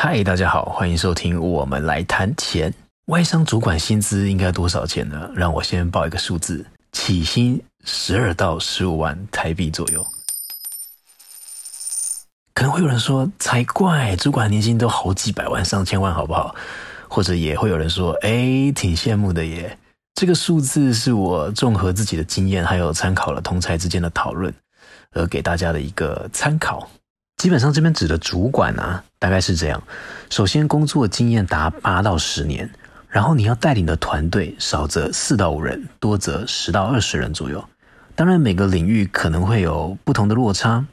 嗨，大家好，歡迎收聽我們來談錢。外商主管薪資應該多少錢呢？讓我先報一個數字，起薪十二到十五萬台幣左右。可能會有人說才怪，主管年薪都好幾百萬、上千萬，好不好？或者也會有人說，哎，挺羨慕的耶。這個數字是我綜合自己的經驗，還有參考了同儕之間的討論，而給大家的一個參考。基本上這邊指的主管啊，大概是這樣：首先工作經驗達八到十年，然後你要帶領的團隊少則四到五人，多則十到二十人左右。當然，每個領域可能會有不同的落差。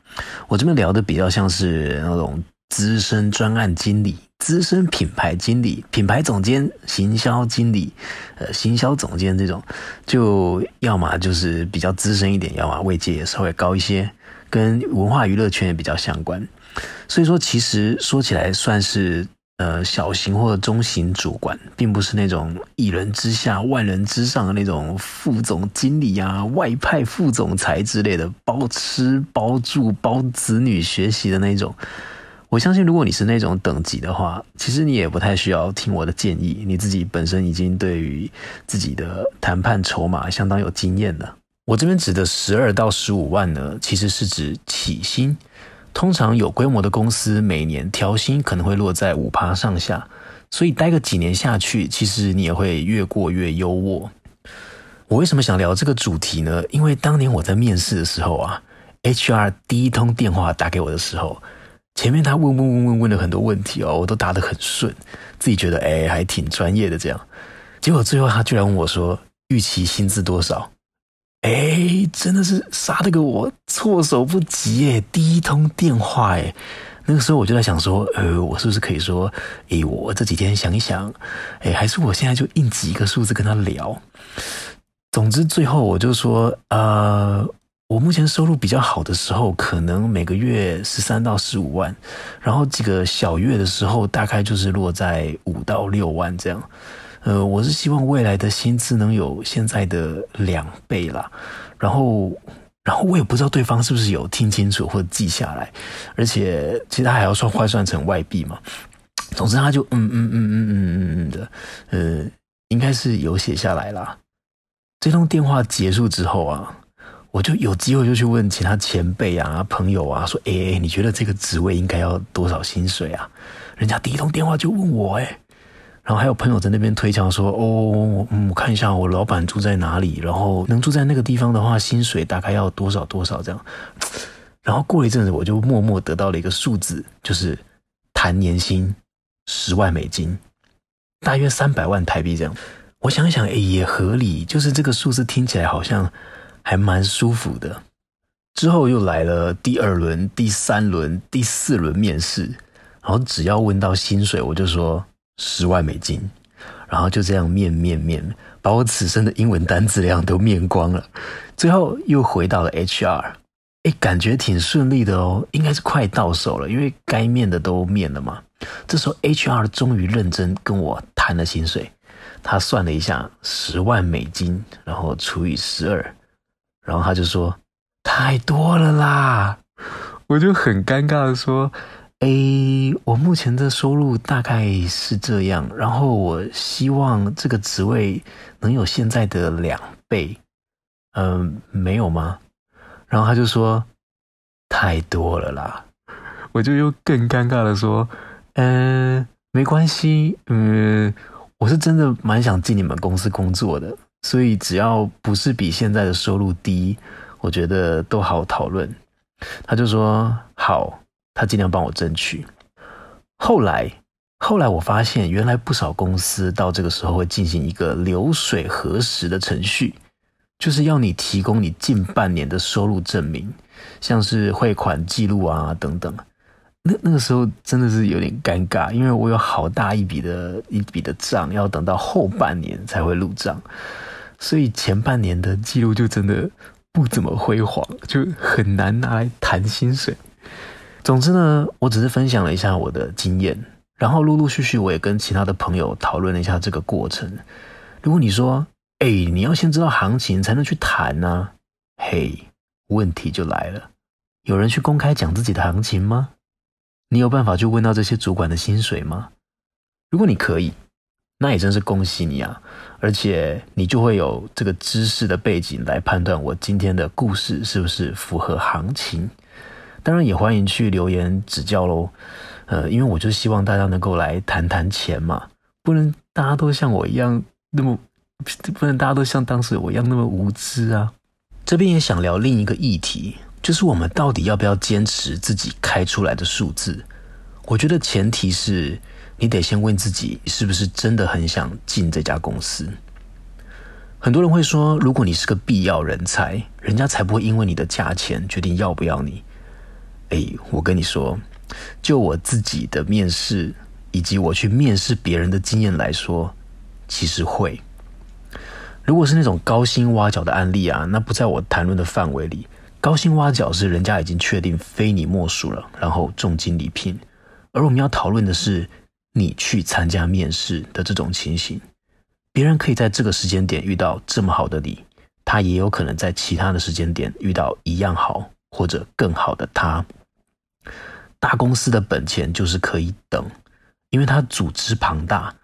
我這邊聊的比較像是那種資深專案經理、資深品牌經理、品牌總監、行銷經理、呃，行銷總監這種，就要麼就是比較資深一點，要麼位階也稍微高一些。跟文化娛樂圈也比較相關，所以說其實說起來算是呃小型或者中型主管，並不是那種一人之下萬人之上的那種副總經理啊、外派副總裁之類的包吃包住包子女學習的那種。我相信，如果你是那種等級的話，其實你也不太需要聽我的建議，你自己本身已經對於自己的談判籌碼相當有經驗了。我這邊指的十二到十五萬呢，其實是指起薪。通常有規模的公司，每年調薪可能會落在五趴上下，所以待個幾年下去，其實你也會越過越優渥。我為什麼想聊這個主題呢？因為當年我在面試的時候啊，HR 第一通電話打給我的時候，前面他問，問問問問問了很多問題哦，我都答得很順，自己覺得哎還挺專業的這樣。結果最後他居然問我說預期薪資多少？哎、欸，真的是殺了個我措手不及、欸！哎，第一通電話、欸，誒那個時候我就在想說，呃、欸，我是不是可以說，誒、欸、我這幾天想一想，誒、欸、還是我現在就印幾個數字跟他聊。總之，最後我就說，呃，我目前收入比較好的時候，可能每個月十三到十五萬，然後幾個小月的時候，大概就是落在五到六萬這樣。呃，我是希望未來的薪資能有現在的兩倍啦。然後，然後我也不知道對方是不是有聽清楚或記下來，而且其他還要算換算成外幣嘛。總之，他就嗯嗯嗯嗯嗯嗯的，呃，應該是有寫下來啦。這通電話結束之後啊，我就有機會就去問其他前輩啊、朋友啊，說：“哎，你覺得這個職位應該要多少薪水啊？”人家第一通電話就問我誒，哎。然後還有朋友在那邊推敲說：“哦，嗯，我看一下我老板住在哪裡，然後能住在那個地方的話，薪水大概要多少多少這樣。”然後過了一陣子，我就默默得到了一個數字，就是談年薪十萬美金，大約三百萬台幣這樣。我想一想，哎，也合理，就是這個數字聽起來好像還蠻舒服的。之後又來了第二輪、第三輪、第四輪面試，然後只要問到薪水，我就說。十萬美金，然後就這樣面面面，把我此生的英文單詞量都面光了。最後又回到了 HR。誒，感覺挺順利的哦，應該是快到手了，因為該面的都面了嘛。這時候 HR 終於認真跟我談了薪水，他算了一下十萬美金，然後除以十二，然後他就說，太多了啦，我就很尷尬的說。誒，我目前的收入大概是這樣，然後我希望這個職位能有現在的兩倍。嗯，沒有嗎？然後他就說太多了啦，我就又更尷尬的說，嗯，沒關係，嗯，我是真的蠻想進你們公司工作的，所以只要不是比現在的收入低，我覺得都好討論。他就說好。他盡量幫我爭取。後來，後來我發現，原來不少公司到這個時候會進行一個流水核實的程序，就是要你提供你近半年的收入證明，像是匯款記錄啊等等。那那個時候真的是有點尷尬，因為我有好大一筆的一筆的賬要等到後半年才會入賬，所以前半年的記錄就真的不怎麼輝煌，就很難拿來談薪水。總之呢，我只是分享了一下我的經驗，然後陸陸續續我也跟其他的朋友討論了一下這個過程。如果你說，哎，你要先知道行情才能去談呢，嘿，問題就來了，有人去公開講自己的行情嗎？你有辦法去問到這些主管的薪水嗎？如果你可以，那也真是恭喜你啊！而且你就會有這個知識的背景來判斷我今天的故事是不是符合行情。當然也歡迎去留言指教嘍，呃，因為我就希望大家能夠來談談錢嘛，不能大家都像我一樣那麼，不能大家都像當時我一樣那麼無知啊。這邊也想聊另一個議題，就是我們到底要不要堅持自己開出來的數字？我覺得前提是你得先問自己，是不是真的很想進這家公司。很多人會說，如果你是個必要人才，人家才不會因為你的價錢決定要不要你。哎、欸，我跟你說，就我自己的面試以及我去面試別人的經驗來說，其實會。如果是那種高薪挖角的案例啊，那不在我談論的範圍裡。高薪挖角是人家已經確定非你莫屬了，然後重金禮聘。而我們要討論的是你去參加面試的這種情形。別人可以在這個時間點遇到這麼好的你，他也有可能在其他的時間點遇到一樣好。或者更好的他，他大公司的本錢就是可以等，因為他組織龐大，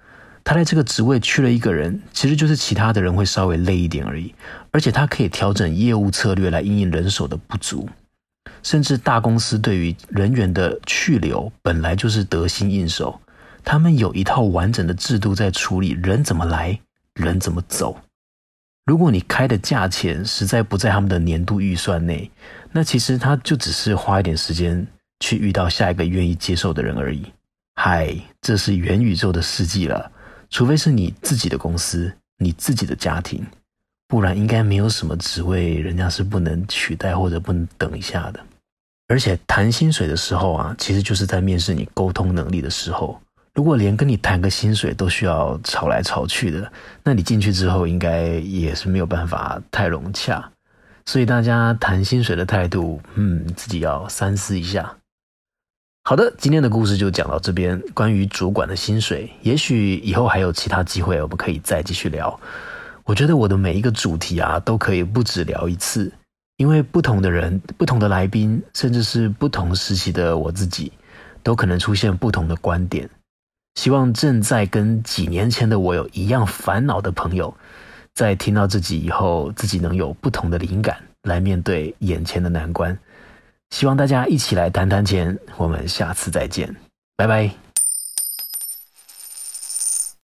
他在這個職位去了一個人，其實就是其他的人會稍微累一點而已，而且他可以調整業務策略來因應人手的不足，甚至大公司對於人員的去留本來就是得心應手，他們有一套完整的制度在處理人怎麼來，人怎麼走。如果你開的價錢實在不在他們的年度預算內，那其實他就只是花一點時間去遇到下一個願意接受的人而已。嗨，這是元宇宙的世紀了，除非是你自己的公司、你自己的家庭，不然應該沒有什麼職位人家是不能取代或者不能等一下的。而且談薪水的時候啊，其實就是在面試你溝通能力的時候。如果連跟你談個薪水都需要吵來吵去的，那你進去之後應該也是沒有辦法太融洽。所以大家談薪水的態度，嗯，自己要三思一下。好的，今天的故事就講到這邊。關於主管的薪水，也許以後還有其他機會，我們可以再繼續聊。我覺得我的每一個主題啊，都可以不止聊一次，因為不同的人、不同的來賓，甚至是不同時期的我自己，都可能出現不同的觀點。希望正在跟幾年前的我有一樣煩惱的朋友，在聽到自己以後，自己能有不同的靈感來面對眼前的難關。希望大家一起來談談錢，我們下次再見，拜拜。